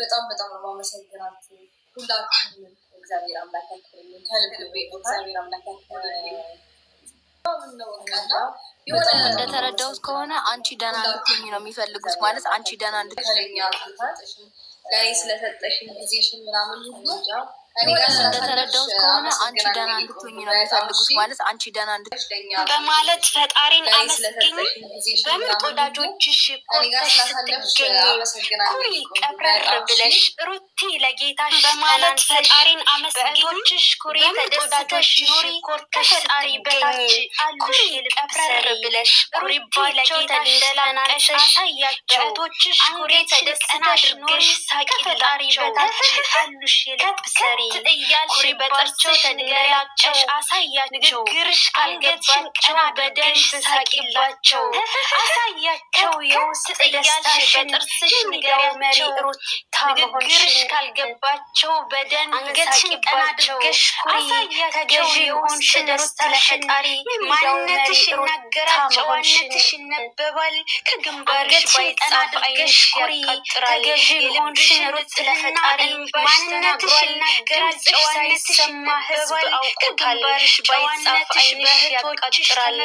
በጣም በጣም ነው ማመሰግናት ሁላችሁም። እግዚአብሔር አምላክ ያክብርልኝ ከልብ እግዚአብሔር አምላክ ያክብርልኝ። እንደተረዳሁት ከሆነ አንቺ ደህና እንድትሆኝ ነው የሚፈልጉት። ማለት አንቺ ደህና እንድትለኛ ለእኔ ስለሰጠሽን ጊዜሽን ምናምን እንደተረዳሁት ከሆነ አንቺ ደህና እንድትሆኝ ነው የሚፈልጉት። ማለት አንቺ ደህና እንድትሆኝ በማለት ፈጣሪን አመስግኝ። በምርጥ ወዳጆችሽ ቆርጠሽ ስትገኝ ቀብረር ብለሽ ሩቲ ለጌታሽ በማለት ፈጣሪን አመስግኞችሽ ኩሪ ተደስተሽ ኑሪ ከፈጣሪ በታች ኩሪ ቀብረር ብለሽ ሩቲ ለጌታሽ ተንደላቀሽ አሳያቸው ቶችሽ ኩሪ ተደስተሽ ኑሪ ከፈጣሪ በታች አሉሽ ልብሰሪ ሴት እያልሽ በጥርቸው ተንገላጨሽ አሳያቸው። ንግግርሽ ካልገባቸው በደንብ ሳቂባቸው አሳያቸው። የውስጥ ደስታሽን በጥርስሽ ንገሪያቸው። ንግግርሽ ካልገባቸው በደንብ አንገትሽን ቀና አድርገሽ ኩሪ። የሆንሽ ደስታ ለፈጣሪ ማንነትሽ ይናገራል፣ ጨዋነትሽ ይነበባል። ከግንባርሽ ባይጻፍ አይንሽ ኩሪ። ተገዢ የሆንሽ ሩት ለፈጣሪ ማንነትሽ ይናገራል፣ ጨዋነትሽ ይነበባል። ከግንባርሽ ባይጻፍ አይንሽ ያቃጥራል።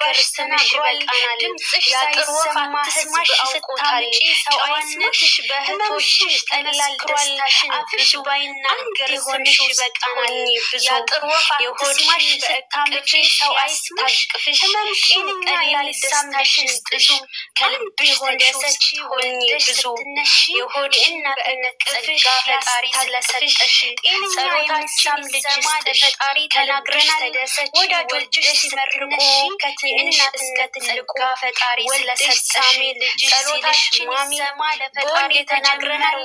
ባይናገር ስምሽ ይበቃናል። ድምፅሽ ሳይሰማ ህዝብ አውቆታል። ጨዋነትሽ በእህቶችሽ ጠላል አፍሽ ባይናገር የሆንሽ በቃናል ብዙ ሰው አይስታቅፍሽ ቀላል ከልብሽ ተደሰች ሆኝ ብዙ የሆድ ፈጣሪ ስለሰጠሽ ጸሎታችን ልጅማ ለፈጣሪ ተናግረናል። ወዳጆችሽ ሲመርቁ ከትንሽ እስከ ትልቁ ፈጣሪ ስለሰጠሽ ጸሎታችን ከተማ ለፈጣሪ ተናግረናል።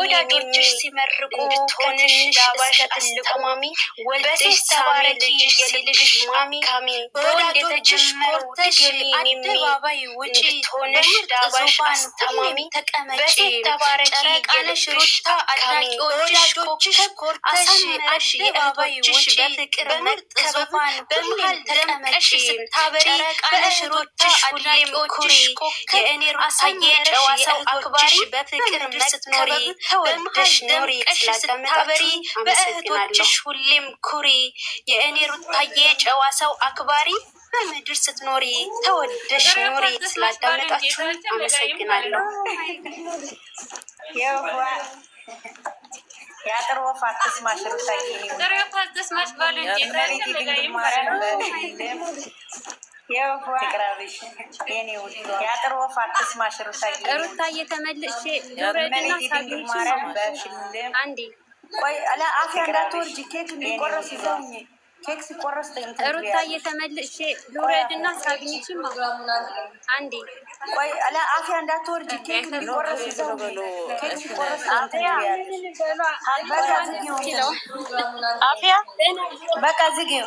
ወዳጆችሽ ሲመርቁ ብትሆንሽ ዳባሽ አስተማሚ ወልደሽ ተባረኪ የልልሽ ማሚ በወዳጆችሽ ኮርተሽ አደባባይ ውጪ ብትሆንሽ ዳባሽ አስተማሚ ተቀመጪ ተባረኪ ሩታ አድናቂዎችሽ ኮርተሽ አደባባይ ውጪ በምርጥ ዙፋን በመሃል ተቀመጪ ስታበሪ በእሽሮችሽ ሁሌም ኩሪ የእኔ ሩታ የጨዋ ሰው አክባሪ በፍቅር ስትኖሪ ተወደሽ ኖሪ፣ ስታበሪ በእህቶችሽ ሁሌም ኩሪ። የእኔ ሩታዬ ጨዋ ሰው አክባሪ በምድር ስትኖሪ ተወደሽ ኖሪ። ስላዳመጣችሁ አመሰግናለሁ። የአጥር ወፍ አትስማሽ ሩታዬ የአጥር ወፍ አትስማሽ ሩታዬ ተመልሼ ሩታዬ ተመልሼ ልውረድና ሳግኝችም አንዴ ቆይ አፍ እንዳትወርጂ ኬክ እንዲቆረስ ይዘውኝ ኬክ ሲቆረስ በቃ ዝጊው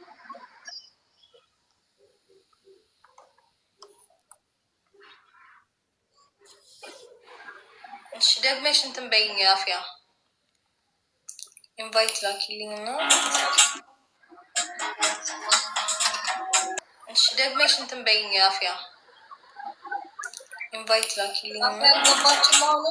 እሺ ደግመሽ እንትን በይኝ። አፍያ ኢንቫይት ላኪልኝ እና እሺ ደግመሽ እንትን በይኝ። አፍያ ኢንቫይት ላኪልኝ እና ገባችን ለሆነ